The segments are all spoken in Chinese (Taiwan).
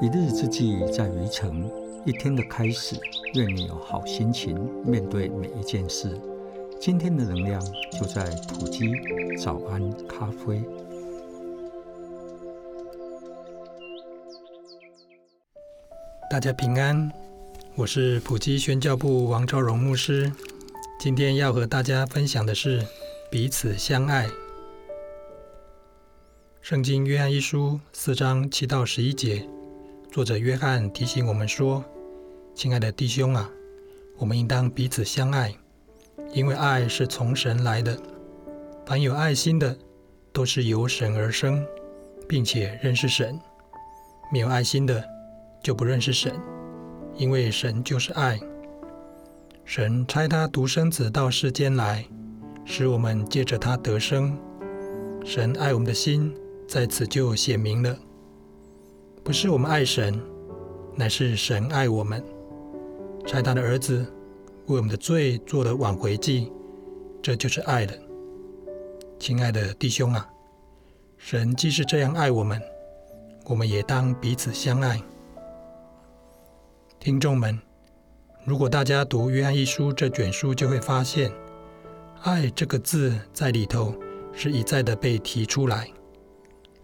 一日之計在於晨，一天的開始，願你有好心情面對每一件事。今天的能量就在埔基早安咖啡，大家平安，我是埔基宣教部王昭榮牧師，今天要和大家分享的是彼此相愛。聖經約翰一書四章七到十一節，作者約翰提醒我們說：“親愛的弟兄啊，我們應當彼此相愛，因為愛是從神來的。凡有愛心的，都是由神而生，並且認識神；沒有愛心的，就不認識神，因為神就是愛。神差他獨生子到世間來，使我們借着他得生。神愛我們的心。”在此就顯明了，不是我們愛神，乃是神愛我們，差他的兒子為我們的罪做了挽回祭，這就是愛了。親愛的弟兄啊，神既是這樣愛我們，我們也當彼此相愛。聽眾們，如果大家讀約翰一書這卷書，就會發現“愛”這個字在裡頭是一再的被提出來。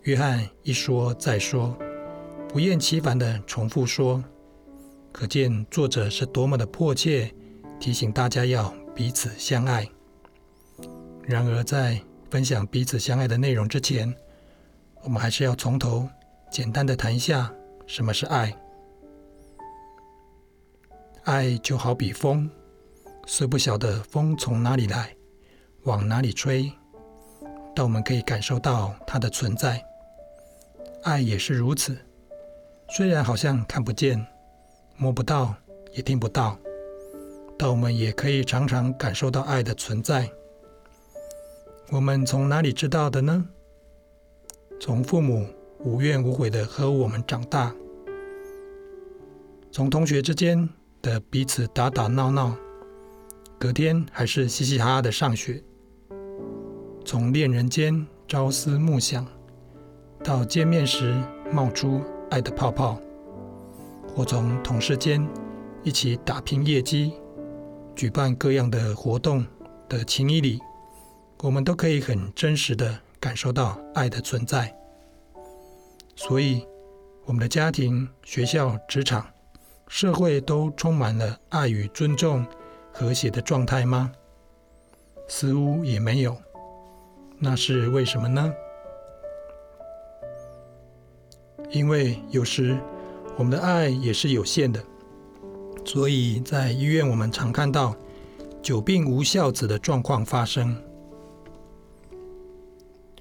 約翰一說再說，不厭其煩地重複說，可見作者是多麼的迫切提醒大家要彼此相愛。然而，在分享彼此相愛的內容之前，我們還是要從頭簡單地談一下什麼是愛。愛就好比風，雖不曉得風從哪裡來，往哪裡吹，但我們可以感受到它的存在。愛也是如此，雖然好像看不見、摸不到、也聽不到，但我們也可以常常感受到愛的存在。我們從哪裡知道的呢？從父母無怨無悔的和我們長大，從同學之間的彼此打打鬧鬧，隔天還是嘻嘻哈哈的上學，從戀人間朝思暮想。到見面時冒出愛的泡泡，或從同事間一起打拼業績、舉辦各樣的活動的情誼裡，我們都可以很真實的感受到愛的存在。所以，我們的家庭、學校、職場、社會都充滿了愛與尊重、和諧的狀態嗎？似乎也沒有。那是為什麼呢？因為有時我們的愛也是有限的，所以在醫院我們常看到久病無孝子的狀況發生，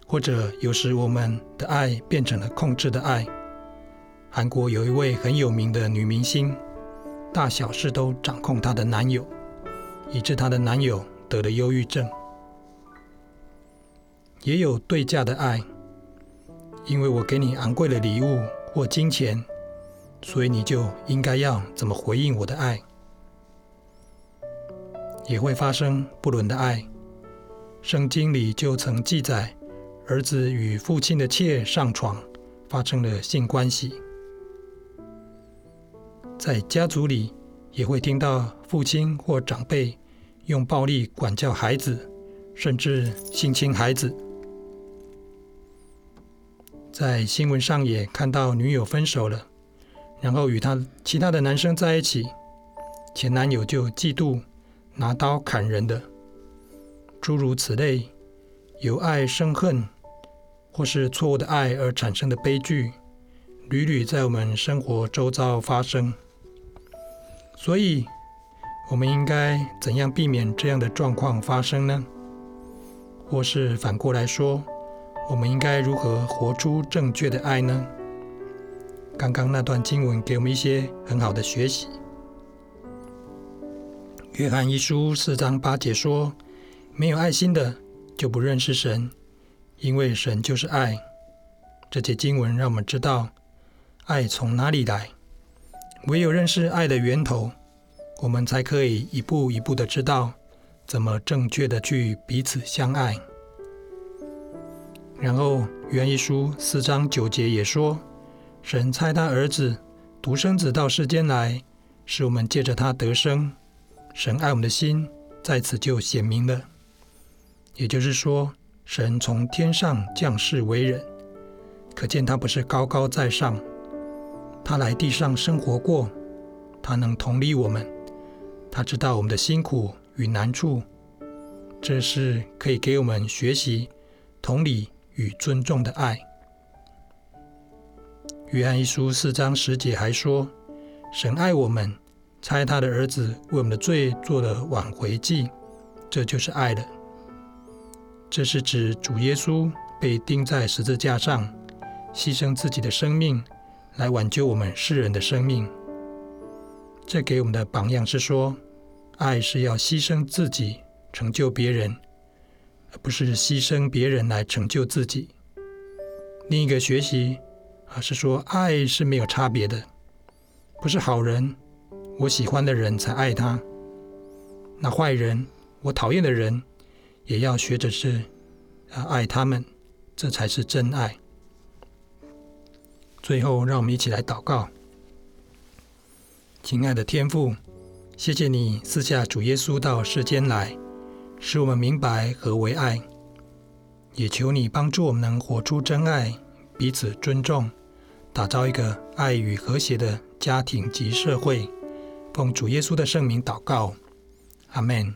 或者有時我們的愛變成了控制的愛。韓國有一位很有名的女明星，大小事都掌控她的男友，以致她的男友得了憂鬱症。也有對價的愛。因為我給你昂貴的禮物或金錢，所以你就應該要怎麼回應我的愛？也會發生不倫的愛。聖經裡就曾記載，兒子與父親的妾上床，發生了性關係。在家族裡，也會聽到父親或長輩用暴力管教孩子，甚至性侵孩子。在新聞上也看到女友分手了，然後與他其他的男生在一起，前男友就嫉妒，拿刀砍人的，諸如此類，由愛生恨，或是錯誤的愛而產生的悲劇，屢屢在我們生活周遭發生。所以，我們應該怎樣避免這樣的狀況發生呢？或是反過來說，我們應該如何活出正確的愛呢？剛剛那段經文給我們一些很好的學習。約翰一書四章八節說：“沒有愛心的，就不認識神，因為神就是愛。”這些經文讓我們知道愛從哪裡來。唯有認識愛的源頭，我們才可以一步一步的知道怎麼正確的去彼此相愛。然後，約壹書四章九節也說：“神差他兒子，獨生子到世間來，使我們借着他得生。神愛我們的心在此就顯明了。也就是說，神從天上降世為人，可見他不是高高在上，他來地上生活過，他能同理我們，他知道我們的辛苦與難處，這是可以給我們學習同理。”與尊重的愛。約翰一書四章十節還說：“神愛我們，差他的兒子為我們的罪做了挽回祭，這就是愛了。這是指主耶穌被釘在十字架上，犧牲自己的生命來挽救我們世人的生命。這給我們的榜樣是說，愛是要犧牲自己，成就別人。”而不是犧牲別人來成就自己。另一個學習，而、啊、是說愛是沒有差別的，不是好人，我喜歡的人才愛他，那壞人，我討厭的人，也要學着是、啊、愛他們，這才是真愛。最後，讓我們一起來禱告，親愛的天父，謝謝你賜下主耶穌到世間來。使我們明白何為愛，也求你幫助我們能活出真愛，彼此尊重，打造一個愛與和諧的家庭及社會。奉主耶穌的聖名禱告，阿門。